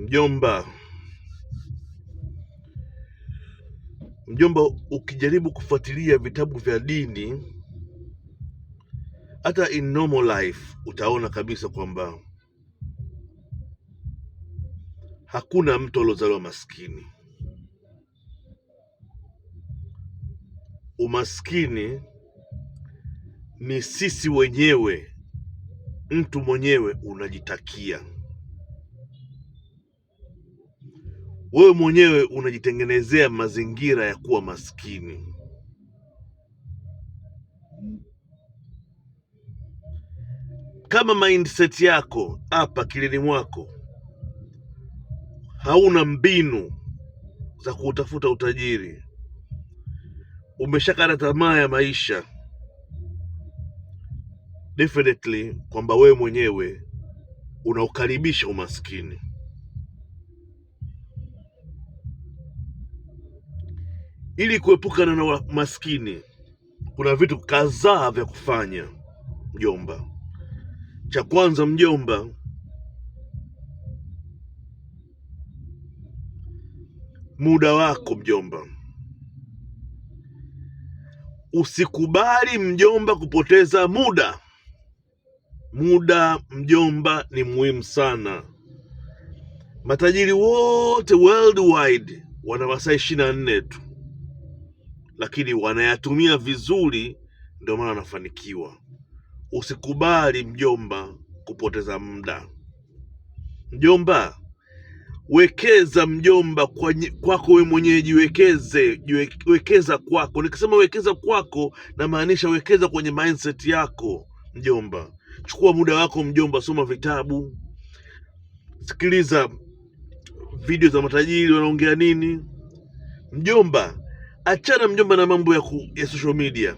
Mjomba, mjomba, ukijaribu kufuatilia vitabu vya dini hata in normal life utaona kabisa kwamba hakuna mtu aliozaliwa maskini. Umaskini ni sisi wenyewe, mtu mwenyewe unajitakia. wewe mwenyewe unajitengenezea mazingira ya kuwa maskini. Kama mindset yako hapa kilini mwako hauna mbinu za kuutafuta utajiri, umeshakata tamaa ya maisha, definitely kwamba wewe mwenyewe unaukaribisha umaskini. Ili kuepukana na maskini, kuna vitu kadhaa vya kufanya mjomba. Cha kwanza mjomba, muda wako mjomba. Usikubali mjomba kupoteza muda. Muda mjomba ni muhimu sana. Matajiri wote worldwide wana masaa ishirini na nne tu lakini wanayatumia vizuri, ndio maana wanafanikiwa. Usikubali mjomba kupoteza muda. Mjomba wekeza, mjomba kwako kwa wewe mwenyewe, jiwekeze, wekeza kwako. Nikisema wekeza kwako, namaanisha wekeza kwenye mindset yako mjomba. Chukua muda wako mjomba, soma vitabu, sikiliza video za matajiri wanaongea nini mjomba achana mjomba na mambo ya, ku, ya social media.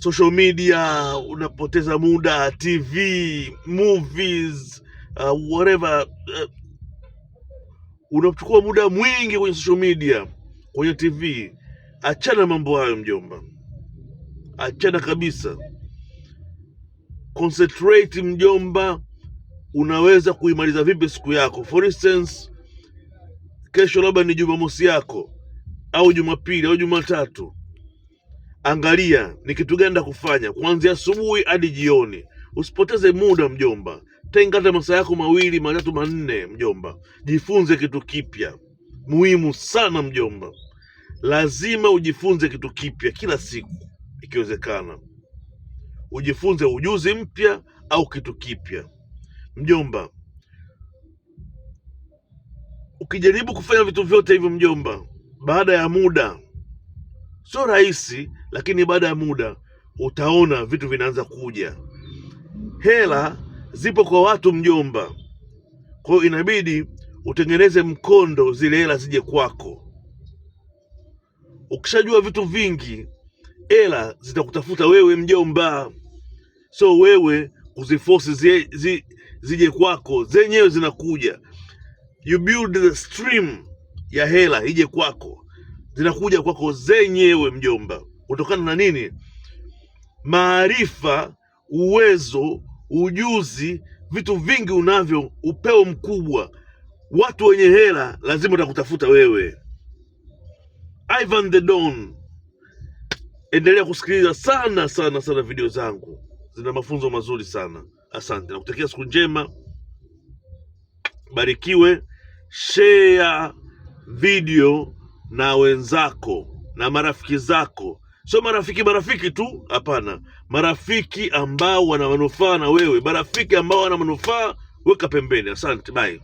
Social media unapoteza muda, TV, movies, uh, whatever uh, unachukua muda mwingi kwenye social media, kwenye TV. Achana mambo hayo mjomba, achana kabisa. Concentrate mjomba, unaweza kuimaliza vipi siku yako? For instance kesho labda ni Jumamosi yako au Jumapili au Jumatatu, angalia ni kitu gani kufanya kuanzia asubuhi hadi jioni. Usipoteze muda mjomba, tenga hata masaa yako mawili matatu manne mjomba, jifunze kitu kipya muhimu sana mjomba. Lazima ujifunze kitu kipya kila siku, ikiwezekana ujifunze ujuzi mpya au kitu kipya mjomba ukijaribu kufanya vitu vyote hivyo mjomba, baada ya muda, sio rahisi, lakini baada ya muda utaona vitu vinaanza kuja. Hela zipo kwa watu mjomba, kwa hiyo inabidi utengeneze mkondo, zile hela zije kwako. Ukishajua vitu vingi, hela zitakutafuta wewe mjomba, so wewe kuzifosi zi, zi, zije kwako, zenyewe zinakuja you build the stream ya hela ije kwako, zinakuja kwako zenyewe mjomba, kutokana na nini? Maarifa, uwezo, ujuzi, vitu vingi unavyo, upeo mkubwa. Watu wenye hela lazima utakutafuta wewe. Ivan the Don, endelea kusikiliza sana sana sana video zangu, zina mafunzo mazuri sana. Asante, nakutakia siku njema, barikiwe share video na wenzako na marafiki zako, sio marafiki marafiki tu, hapana, marafiki ambao wana manufaa na wewe, marafiki ambao wana manufaa weka pembeni. Asante, bye.